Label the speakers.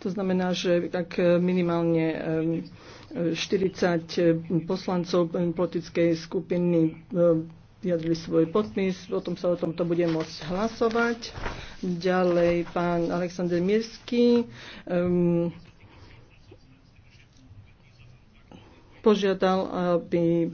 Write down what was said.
Speaker 1: To znamená, že tak e, minimálne 40 e, e, poslancov politickej skupiny vyjadrili svoj podpis, potom sa o tomto bude môcť hlasovať. Ďalej pán Aleksandr Mirský, um, ehm, požiadal, aby